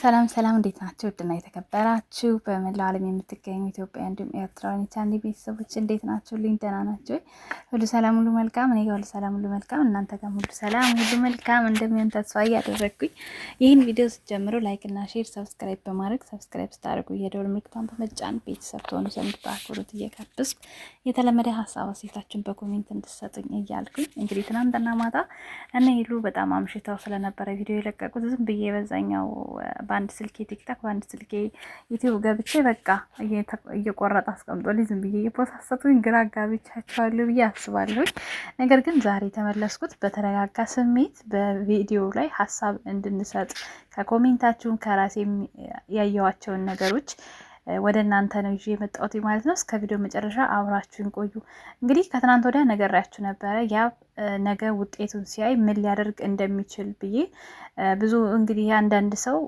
ሰላም ሰላም፣ እንዴት ናችሁ? ውድና የተከበራችሁ በመላው ዓለም የምትገኙ ኢትዮጵያ እንዲሁም ኤርትራውያን የቻንዲ ቤተሰቦች እንዴት ናቸው? ልኝ ደህና ናቸው ሁሉ ሰላም ሁሉ መልካም፣ እኔ ጋር ሁሉ ሰላም ሁሉ መልካም፣ እናንተ ጋር ሁሉ ሰላም ሁሉ መልካም እንደሚሆን ተስፋ እያደረግኩኝ ይህን ቪዲዮ ስትጀምሩ ላይክ እና ሼር፣ ሰብስክራይብ በማድረግ ሰብስክራይብ ስታደርጉ የደወል ምልክቷን በመጫን ቤተሰብ ትሆኑ ዘንድ በአክብሮት እየጋበዝኩ የተለመደ ሀሳብ አስተያየታችሁን በኮሜንት እንድትሰጡኝ እያልኩኝ እንግዲህ ትናንትና ማታ እነ ሄሉ በጣም አምሽተው ስለነበረ ቪዲዮ የለቀቁት ዝም ብዬ በዛኛው በአንድ ስልኬ ቲክታክ በአንድ ስልኬ ዩቲዩብ ገብቼ በቃ እየቆረጠ አስቀምጦልኝ ዝም ብዬ እየፖሳሰቱኝ ግራ አጋብቻቸዋለሁ ብዬ አስባለሁኝ። ነገር ግን ዛሬ የተመለስኩት በተረጋጋ ስሜት በቪዲዮ ላይ ሀሳብ እንድንሰጥ ከኮሜንታችሁን ከራሴ ያየዋቸውን ነገሮች ወደ እናንተ ነው ይዤ የመጣሁት ማለት ነው። እስከ ቪዲዮ መጨረሻ አብራችሁን ቆዩ። እንግዲህ ከትናንት ወዲያ ነገራችሁ ነበረ ያ ነገ ውጤቱን ሲያይ ምን ሊያደርግ እንደሚችል ብዬ ብዙ እንግዲህ አንዳንድ ሰው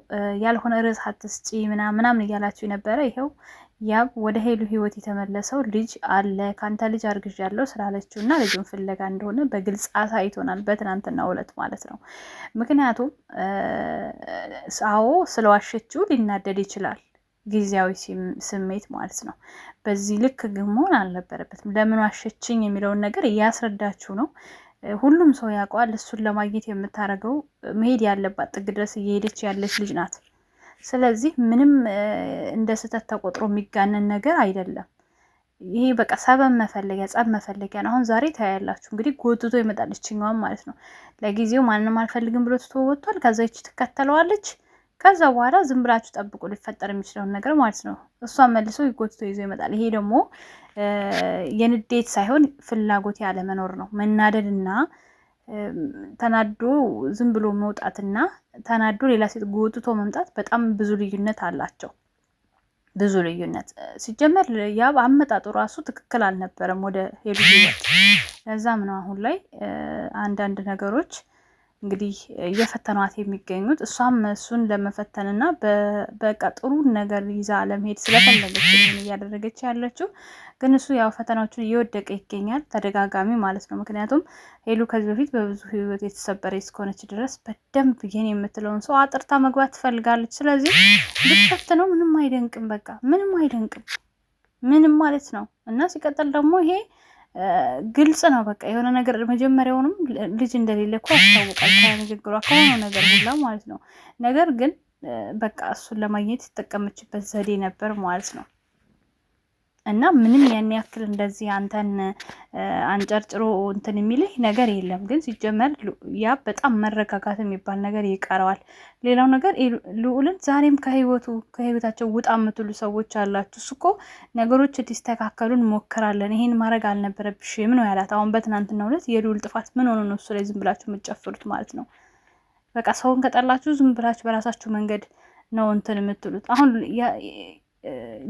ያልሆነ ርዕስ አትስጪ ምናምን እያላችሁ ነበረ። ይኸው ያብ ወደ ሄሉ ህይወት የተመለሰው ልጅ አለ ከአንተ ልጅ አርግዣለሁ ስላለችው እና ልጁን ፍለጋ እንደሆነ በግልጽ አሳይቶናል፣ በትናንትና ዕለት ማለት ነው። ምክንያቱም አዎ ስለዋሸችው ሊናደድ ይችላል ጊዜያዊ ስሜት ማለት ነው። በዚህ ልክ ግን መሆን አልነበረበትም። ለምን ዋሸችኝ የሚለውን ነገር እያስረዳችው ነው። ሁሉም ሰው ያውቀዋል። እሱን ለማግኘት የምታደርገው መሄድ ያለባት ጥግ ድረስ እየሄደች ያለች ልጅ ናት። ስለዚህ ምንም እንደ ስህተት ተቆጥሮ የሚጋነን ነገር አይደለም። ይሄ በቃ ሰበብ መፈለጊያ ጸብ መፈለጊያ ነው። አሁን ዛሬ ታያላችሁ እንግዲህ ጎትቶ ይመጣል ይችኛዋን ማለት ነው። ለጊዜው ማንም አልፈልግም ብሎ ትቶ ወጥቷል። ከዛ ይቺ ትከተለዋለች። ከዛ በኋላ ዝም ብላችሁ ጠብቁ ሊፈጠር የሚችለውን ነገር ማለት ነው። እሷን መልሶ ጎትቶ ይዞ ይመጣል። ይሄ ደግሞ የንዴት ሳይሆን ፍላጎት ያለ መኖር ነው። መናደድና ተናዶ ዝም ብሎ መውጣትና ተናዶ ሌላ ሴት ጎትቶ መምጣት በጣም ብዙ ልዩነት አላቸው። ብዙ ልዩነት ሲጀመር ያ አመጣጡ ራሱ ትክክል አልነበረም ወደ ሄዱ። ለዛም ነው አሁን ላይ አንዳንድ ነገሮች እንግዲህ እየፈተኗት የሚገኙት እሷም እሱን ለመፈተንና በቃ ጥሩ ነገር ይዛ ለመሄድ ስለፈለገች እያደረገች ያለችው ግን እሱ ያው ፈተናዎቹን እየወደቀ ይገኛል ተደጋጋሚ ማለት ነው። ምክንያቱም ሄሉ ከዚህ በፊት በብዙ ህይወት የተሰበረ እስከሆነች ድረስ በደንብ ይህን የምትለውን ሰው አጥርታ መግባት ትፈልጋለች። ስለዚህ ብትፈትነው ምንም አይደንቅም፣ በቃ ምንም አይደንቅም፣ ምንም ማለት ነው እና ሲቀጥል ደግሞ ይሄ ግልጽ ነው። በቃ የሆነ ነገር መጀመሪያውንም ልጅ እንደሌለ እኮ ያስታውቃል ከንግግሯ ከሆነ ነገር ሁላ ማለት ነው። ነገር ግን በቃ እሱን ለማግኘት የተጠቀመችበት ዘዴ ነበር ማለት ነው። እና ምንም ያን ያክል እንደዚህ አንተን አንጨርጭሮ እንትን የሚልህ ነገር የለም። ግን ሲጀመር ያ በጣም መረጋጋት የሚባል ነገር ይቀረዋል። ሌላው ነገር ልዑልን ዛሬም ከህይወቱ ከህይወታቸው ውጣ የምትሉ ሰዎች አላችሁ። እሱ እኮ ነገሮች እንዲስተካከሉ እንሞክራለን፣ ይሄን ማድረግ አልነበረብሽም ነው ያላት። አሁን በትናንትና ሁለት የልዑል ጥፋት ምን ሆኖ ነው እሱ ላይ ዝም ብላችሁ የምትጨፍሩት ማለት ነው? በቃ ሰውን ከጠላችሁ ዝም ብላችሁ በራሳችሁ መንገድ ነው እንትን የምትሉት አሁን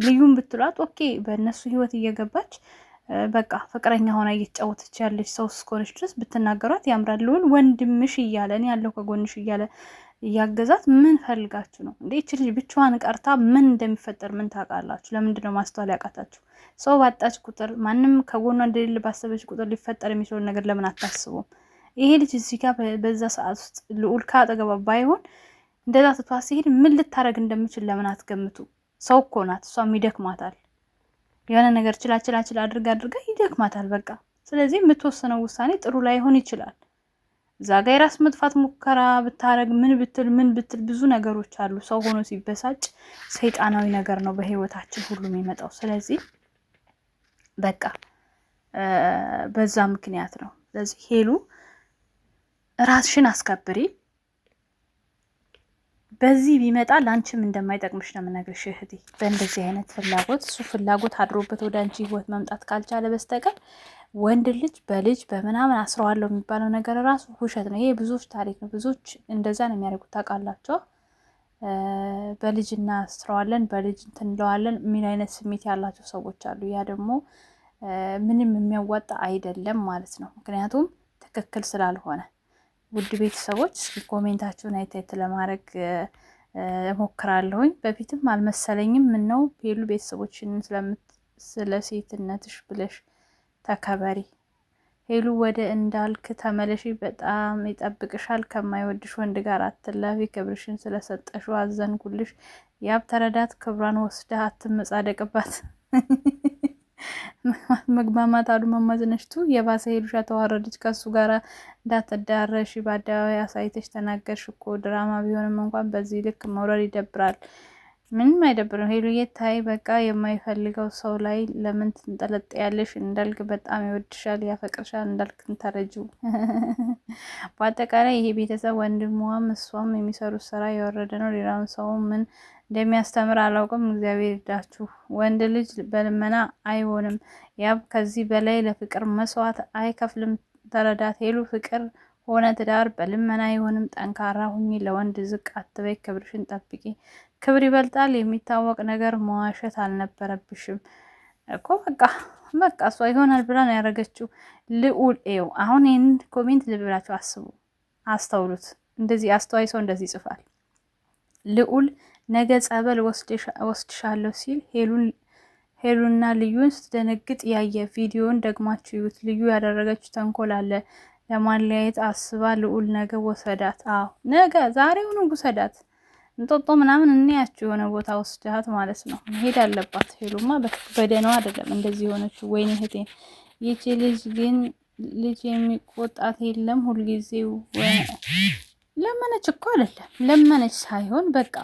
ልዩም ብትሏት ኦኬ፣ በእነሱ ህይወት እየገባች በቃ ፍቅረኛ ሆና እየተጫወተች ያለች ሰው እስከሆነች ድረስ ብትናገሯት ያምራል። ልዑል ወንድምሽ እያለ እኔ ያለው ከጎንሽ እያለ እያገዛት ምን ፈልጋችሁ ነው እንዴ? ይች ልጅ ብቻዋን ቀርታ ምን እንደሚፈጠር ምን ታውቃላችሁ? ለምንድን ነው ማስተዋል ያቃታችሁ? ሰው ባጣች ቁጥር ማንም ከጎኗ እንደሌለ ባሰበች ቁጥር ሊፈጠር የሚችለውን ነገር ለምን አታስቡም? ይሄ ልጅ እዚህ ጋር በዛ ሰዓት ውስጥ ልዑል ከአጠገባ ባይሆን እንደዛ ትቷ ሲሄድ ምን ልታደረግ እንደምችል ለምን አትገምቱ? ሰው እኮ ናት እሷም ይደክማታል። የሆነ ነገር ችላ ችላ ችላ አድርጋ አድርጋ ይደክማታል በቃ። ስለዚህ የምትወስነው ውሳኔ ጥሩ ላይሆን ይችላል። እዛ ጋ የራስ መጥፋት ሙከራ ብታረግ ምን ብትል ምን ብትል ብዙ ነገሮች አሉ። ሰው ሆኖ ሲበሳጭ ሰይጣናዊ ነገር ነው በህይወታችን ሁሉ የሚመጣው። ስለዚህ በቃ በዛ ምክንያት ነው። ስለዚህ ሄሉ ራስሽን አስከብሪ። በዚህ ቢመጣ ለአንቺም እንደማይጠቅምሽ ነው የምነግርሽ እህቴ። በእንደዚህ አይነት ፍላጎት እሱ ፍላጎት አድሮበት ወደ አንቺ ህይወት መምጣት ካልቻለ በስተቀር ወንድ ልጅ በልጅ በምናምን አስረዋለሁ የሚባለው ነገር ራሱ ውሸት ነው። ይሄ ብዙዎች ታሪክ ነው። ብዙዎች እንደዛ ነው የሚያደርጉት ታውቃላቸው። በልጅ እናስረዋለን፣ በልጅ እንትንለዋለን የሚል አይነት ስሜት ያላቸው ሰዎች አሉ። ያ ደግሞ ምንም የሚያዋጣ አይደለም ማለት ነው። ምክንያቱም ትክክል ስላልሆነ ውድ ቤተሰቦች እስኪ ኮሜንታችሁን አይታየት ለማድረግ ሞክራለሁኝ። በፊትም አልመሰለኝም። ነው ቤሉ ቤተሰቦችን ስለ ሴትነትሽ ብለሽ ተከበሪ ሄሉ ወደ እንዳልክ ተመለሺ። በጣም ይጠብቅሻል። ከማይወድሽ ወንድ ጋር አትላፊ። ክብርሽን ስለሰጠሽው አዘንኩልሽ። ያብ ተረዳት። ክብሯን ወስደህ አትመጻደቅባት። መግባማት አሉ መማዝነሽቱ የባሰ ሄዱሻ ተዋረደች። ከሱ ጋር እንዳትዳረሽ በአደባባይ አሳይተሽ ተናገርሽ እኮ። ድራማ ቢሆንም እንኳን በዚህ ልክ መውረድ ይደብራል። ምንም አይደብርም ሄሉዬ። ታይ በቃ የማይፈልገው ሰው ላይ ለምን ትንጠለጥ ያለሽ? እንዳልክ በጣም ይወድሻል፣ ያፈቅርሻል። እንዳልክ ትንተረጅው። በአጠቃላይ ይሄ ቤተሰብ ወንድሟም እሷም የሚሰሩት ስራ የወረደ ነው። ሌላውን ሰው ምን እንደሚያስተምር አላውቅም። እግዚአብሔር ይርዳችሁ። ወንድ ልጅ በልመና አይሆንም። ያብ ከዚህ በላይ ለፍቅር መስዋዕት አይከፍልም። ተረዳት ሄሉ። ፍቅር ሆነ ትዳር በልመና አይሆንም። ጠንካራ ሁኚ፣ ለወንድ ዝቅ አትበይ፣ ክብርሽን ጠብቂ። ክብር ይበልጣል። የሚታወቅ ነገር መዋሸት አልነበረብሽም እኮ በቃ በቃ እሷ ይሆናል ብላ ነው ያደረገችው። ልዑል ኤው አሁን ይህን ኮሜንት ልብ ብላችሁ አስቡ፣ አስተውሉት። እንደዚህ አስተዋይ ሰው እንደዚህ ይጽፋል ልዑል ነገ ጸበል ወስድሻለሁ ሲል ሄሉና ልዩን ስትደነግጥ ያየ ቪዲዮን ደግማችሁ ይዩት። ልዩ ያደረገችው ተንኮል አለ። ለማለያየት አስባ ልዑል ነገ ወሰዳት። አዎ ነገ ዛሬውኑ ውሰዳት። እንጦጦ ምናምን እንያችሁ የሆነ ቦታ ወስዳት ማለት ነው። መሄድ አለባት። ሄሉማ በደነው አይደለም እንደዚህ የሆነችው። ወይኔ እህቴን ይቺ ልጅ ግን ልጅ የሚቆጣት የለም ሁልጊዜው ለመነች እኮ አይደለም ለመነች ሳይሆን በቃ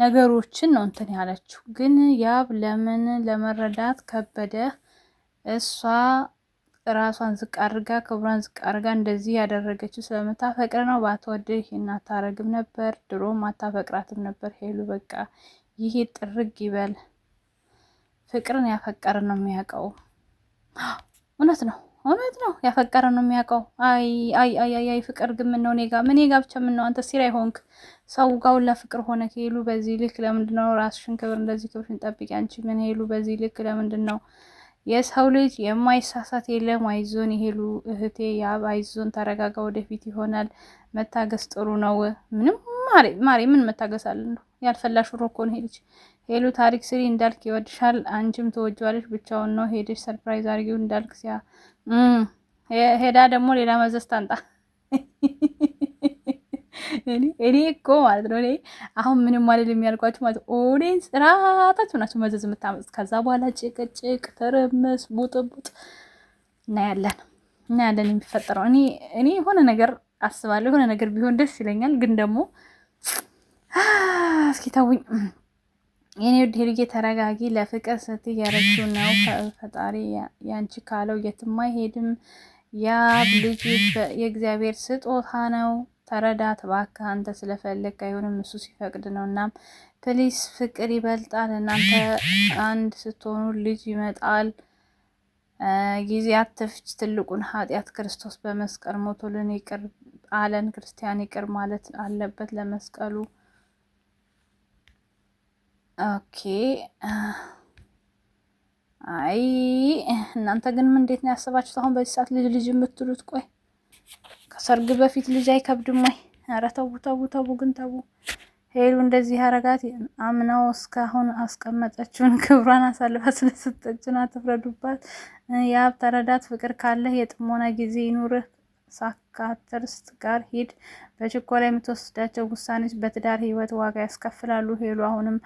ነገሮችን ነው እንትን ያለችው። ግን ያብ ለምን ለመረዳት ከበደ። እሷ ራሷን ዝቅ አድርጋ ክብሯን ዝቅ አድርጋ እንደዚህ ያደረገችው ስለምታፈቅር ነው። ባትወድህ ይህን አታረግም ነበር፣ ድሮም አታፈቅራትም ነበር ሄሉ። በቃ ይሄ ጥርግ ይበል። ፍቅርን ያፈቀረ ነው የሚያውቀው። እውነት ነው። እውነት ነው ያፈቀረ ነው የሚያውቀው። አይ አይ አይ አይ ፍቅር ግን ምነው እኔ ጋ ምን ጋ ብቻ ምን ነው አንተ ሲራ ይሆንክ ሰው ጋር ሁላ ፍቅር ሆነ ሄሉ። በዚህ ልክ ለምንድን ነው ራስሽን ክብር እንደዚህ ክብርሽን ጠብቂ አንቺ ምን ሄሉ። በዚህ ልክ ለምንድን ነው የሰው ልጅ የማይሳሳት የለም። አይዞን ይሄሉ እህቴ ያብ አይዞን፣ ተረጋጋ፣ ወደፊት ይሆናል። መታገስ ጥሩ ነው። ምንም ማሬ ማሬ ምን መታገስ አለ ነው ያልፈላሽ ሮኮ ነው ሄልች ሄሉ ታሪክ ስሪ እንዳልክ ይወድሻል፣ አንቺም ትወጂዋለሽ። ብቻውን ነው ሄደሽ ሰርፕራይዝ አድርጊው እንዳልክ ሲያ ሄዳ ደግሞ ሌላ መዘዝ ታንጣ። እኔ እኮ ማለት ነው እኔ አሁን ምንም ማለት የሚያልቋችሁ ማለት ኦዴን ራታችሁ ናቸው መዘዝ የምታመጡት። ከዛ በኋላ ጭቅጭቅ፣ ትርምስ፣ ቡጥቡጥ እናያለን እናያለን የሚፈጠረው። እኔ እኔ የሆነ ነገር አስባለሁ የሆነ ነገር ቢሆን ደስ ይለኛል፣ ግን ደግሞ እስኪ ተውኝ። የኔ ውድ ሄሉዬ ተረጋጊ። ለፍቅር ስትይ ያረግሽው ነው። ፈጣሪ ያንቺ ካለው የትም አይሄድም። ያ ልጅ የእግዚአብሔር ስጦታ ነው። ተረዳት እባክህ። አንተ ስለፈለግ አይሆንም፣ እሱ ሲፈቅድ ነው። እና ፕሊስ ፍቅር ይበልጣል። እናንተ አንድ ስትሆኑ ልጅ ይመጣል። ጊዜ አትፍች። ትልቁን ኃጢአት ክርስቶስ በመስቀል ሞቶልን ይቅር አለን። ክርስቲያን ይቅር ማለት አለበት ለመስቀሉ ኦኬ። አይ እናንተ ግን እንዴት ነው ያስባችሁት? አሁን በዚህ ሰዓት ልጅ ልጅ የምትሉት? ቆይ ከሰርግ በፊት ልጅ አይከብድም ወይ? ኧረ ተቡ ተው ተው፣ ግን ሄሉ እንደዚህ አረጋት። አምናው እስካሁን አስቀመጠችውን ክብሯን አሳልፋ ስለሰጠችን አትፍረዱባት። የሀብ ተረዳት። ፍቅር ካለህ የጥሞና ጊዜ ይኑርህ። ሳካትርስት ጋር ሂድ። በችኮላ የምትወስዳቸው ውሳኔዎች በትዳር ህይወት ዋጋ ያስከፍላሉ። ሄሉ አሁንም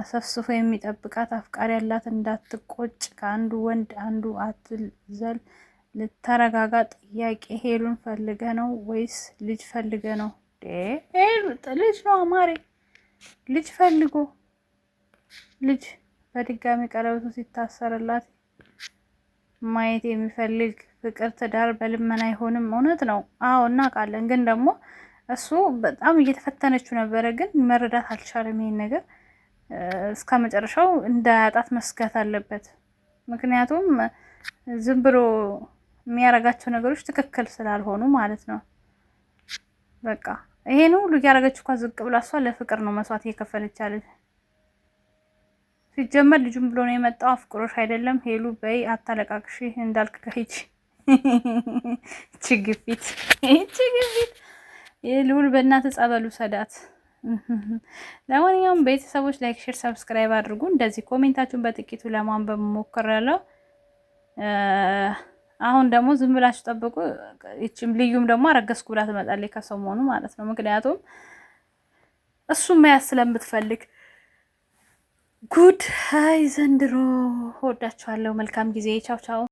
አሰፍስፎ የሚጠብቃት አፍቃሪ ያላት እንዳትቆጭ ከአንዱ ወንድ አንዱ አትዘል። ልተረጋጋ ጥያቄ ሄሉን ፈልገ ነው ወይስ ልጅ ፈልገ ነው? ልጅ ነው አማሬ ልጅ ፈልጎ ልጅ በድጋሚ ቀለበቱ ሲታሰርላት ማየት የሚፈልግ ፍቅር ትዳር በልመና አይሆንም። እውነት ነው። አዎ እናውቃለን። ግን ደግሞ እሱ በጣም እየተፈተነችው ነበረ፣ ግን መረዳት አልቻለም ይሄን ነገር እስከ መጨረሻው እንዳያጣት መስጋት አለበት። ምክንያቱም ዝም ብሎ የሚያረጋቸው ነገሮች ትክክል ስላልሆኑ ማለት ነው። በቃ ይሄን ሁሉ እያረገች እኳ ዝቅ ብላ እሷ ለፍቅር ነው መስዋዕት እየከፈለች ያለች። ሲጀመር ልጁም ብሎ ነው የመጣው አፍቅሮሽ አይደለም ሄሉ በይ አታለቃቅሽ እንዳልክ ከሂጅ ችግፊት ችግፊት ይህ ልውል በእናትህ ጸበሉ ሰዳት ለማንኛውም ቤተሰቦች ላይክ፣ ሼር፣ ሰብስክራይብ አድርጉ። እንደዚህ ኮሜንታችሁን በጥቂቱ ለማንበብ ሞክራለሁ። አሁን ደግሞ ዝም ብላችሁ ጠብቁ። ይችም ልዩም ደግሞ አረገዝኩ ብላ ትመጣለች ከሰሞኑ ማለት ነው። ምክንያቱም እሱ መያዝ ስለምትፈልግ ጉድ። አይ ዘንድሮ ወዳችኋለሁ። መልካም ጊዜ። ቻው ቻው።